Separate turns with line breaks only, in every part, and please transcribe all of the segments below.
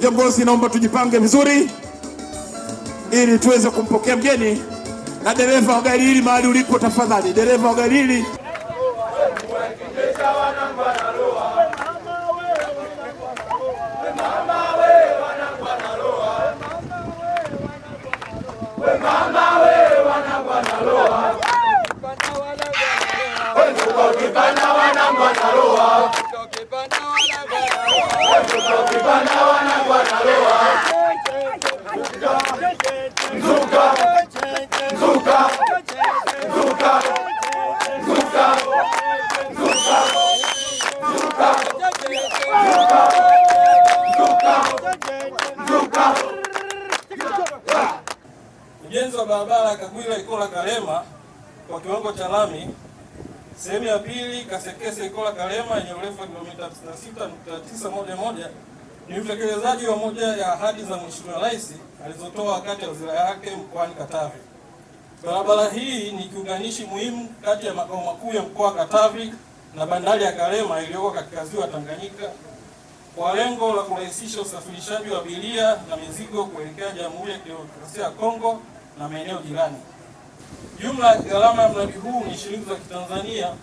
Viongozi, naomba tujipange vizuri ili tuweze kumpokea mgeni na dereva wa gari hili mahali ulipo, tafadhali dereva wa gari hili
ujenzi wa barabara Kagwila Ikola Karema kwa kiwango cha lami sehemu ya pili Kasekese Ikola Karema yenye urefu wa kilomita 66.911 ni utekelezaji wa moja ya ahadi za Mheshimiwa Rais alizotoa wakati wa ziara yake mkoani Katavi. Barabara hii ni kiunganishi muhimu kati ya makao makuu ya mkoa wa Katavi na bandari ya Karema iliyoko katika ziwa Tanganyika kwa lengo la kurahisisha usafirishaji wa abiria na mizigo kuelekea Jamhuri ya Kidemokrasia ya Kongo na maeneo jirani. Jumla ya gharama ya mradi huu ni shilingi za Kitanzania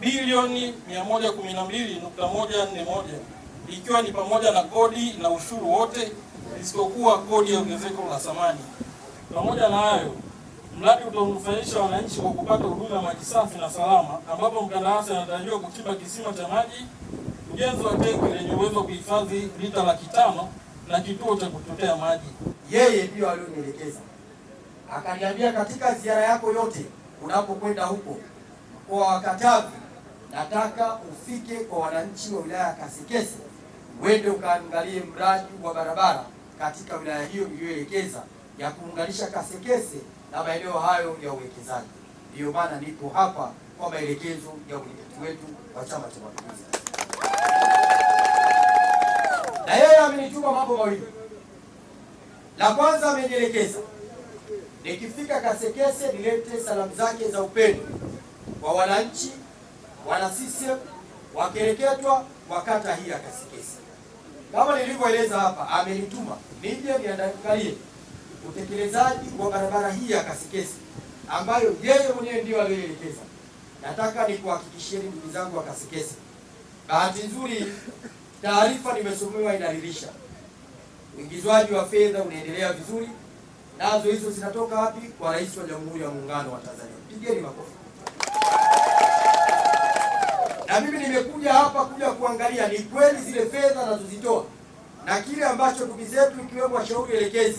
bilioni 112.141 ikiwa ni pamoja na kodi na ushuru wote isipokuwa kodi ya ongezeko la thamani. Pamoja na hayo, mradi utanufaisha wananchi kwa kupata huduma ya maji safi na salama, ambapo mkandarasi anatarajiwa kuchimba kisima cha maji, ujenzi wa tenki lenye uwezo wa kuhifadhi lita laki tano na kituo cha kuchotea maji.
Yeye ndiyo alionielekeza Akaniambia katika ziara yako yote unapokwenda huko mkoa wa Katavi, nataka ufike kwa wananchi wa wilaya ya Kasekese, uende ukaangalie mradi wa barabara katika wilaya hiyo iliyoelekeza ya kuunganisha Kasekese na maeneo hayo ya uwekezaji. Ndiyo maana nipo hapa kwa maelekezo ya mwenyekiti wetu wa Chama cha Mapinduzi, na yeye amenituma mambo mawili. La kwanza amenielekeza Nikifika Kasekese nilete salamu zake za upendo kwa wananchi wana CCM wakereketwa wa kata hii ya Kasekese. Kama nilivyoeleza hapa, amenituma nije niangalie utekelezaji wa barabara hii ya Kasekese ambayo yeye mwenyewe ndio aliyoelekeza. Nataka nikuhakikishieni ndugu zangu wa Kasekese, bahati nzuri taarifa nimesomewa inaridhisha, uingizwaji wa fedha unaendelea vizuri nazo hizo zinatoka wapi? Kwa Rais wa Jamhuri ya Muungano wa Tanzania. Pigeni makofi. Na mimi nimekuja hapa kuja kuangalia ni kweli zile fedha nazozitoa na kile ambacho ndugu zetu ikiwemo washauri elekezi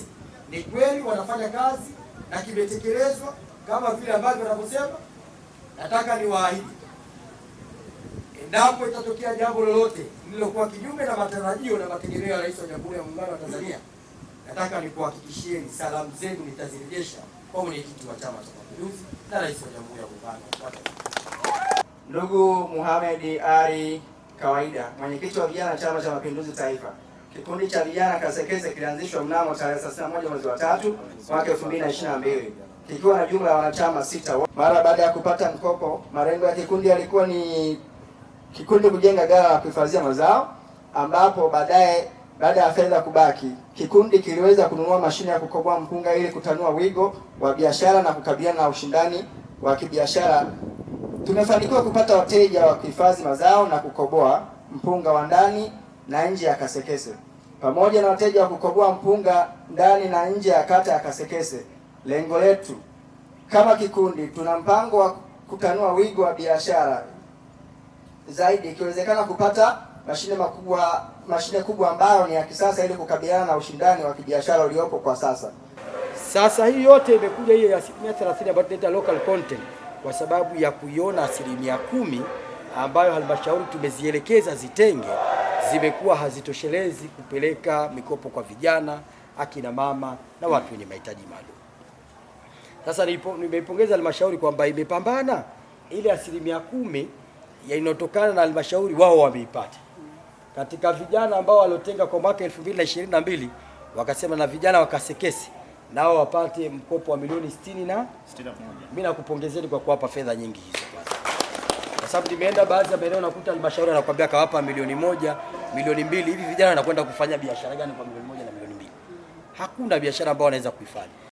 ni kweli wanafanya kazi na kimetekelezwa kama vile ambavyo wanavyosema. Nataka niwaahidi, endapo itatokea jambo lolote lililokuwa kinyume na matarajio na mategemeo ya Rais wa Jamhuri ya Muungano wa Tanzania Nataka nikuhakikishieni salamu zenu nitazirejesha kwa mwenyekiti wa Chama cha Mapinduzi na rais wa Jamhuri ya Muungano
ndugu Mohamed Ali Kawaida, mwenyekiti wa vijana Chama cha Mapinduzi Taifa. Kikundi cha vijana Kasekese kilianzishwa mnamo tarehe 31 mwezi wa 3 mwaka 2022 kikiwa na jumla ya wanachama sita. Mara baada ya kupata mkopo, malengo ya kikundi yalikuwa ni kikundi kujenga ghala la kuhifadhia mazao ambapo baadaye baada ya fedha kubaki, kikundi kiliweza kununua mashine ya kukoboa mpunga ili kutanua wigo wa biashara na kukabiliana na ushindani wa kibiashara. Tumefanikiwa kupata wateja wa kuhifadhi mazao na kukoboa mpunga wa ndani na nje ya Kasekese pamoja na wateja wa kukoboa mpunga ndani na nje ya kata ya Kasekese. Lengo letu kama kikundi, tuna mpango wa kutanua wigo wa biashara zaidi ikiwezekana kupata mashine makubwa mashine kubwa ambayo ni ya kisasa ili kukabiliana na ushindani wa kibiashara uliopo kwa sasa.
Sasa hii yote imekuja hiyo ya asilimia 30 ambayo tunaita local content kwa sababu ya kuiona asilimia kumi ambayo halmashauri tumezielekeza zitenge, zimekuwa hazitoshelezi kupeleka mikopo kwa vijana, akina mama na watu wenye mahitaji maalum. Sasa nimeipongeza halmashauri kwamba imepambana ile asilimia kumi inayotokana na halmashauri, wao wameipata katika vijana ambao waliotenga kwa mwaka 2022 wakasema na vijana wakasekesi nao wapate mkopo wa milioni 60 na mimi nakupongezeni kwa kuwapa fedha nyingi hizo kwa sababu nimeenda baadhi ya maeneo nakuta halmashauri anakuambia kawapa milioni moja milioni mbili hivi vijana wanakwenda kufanya biashara gani kwa milioni moja na milioni mbili hakuna biashara ambayo wanaweza kuifanya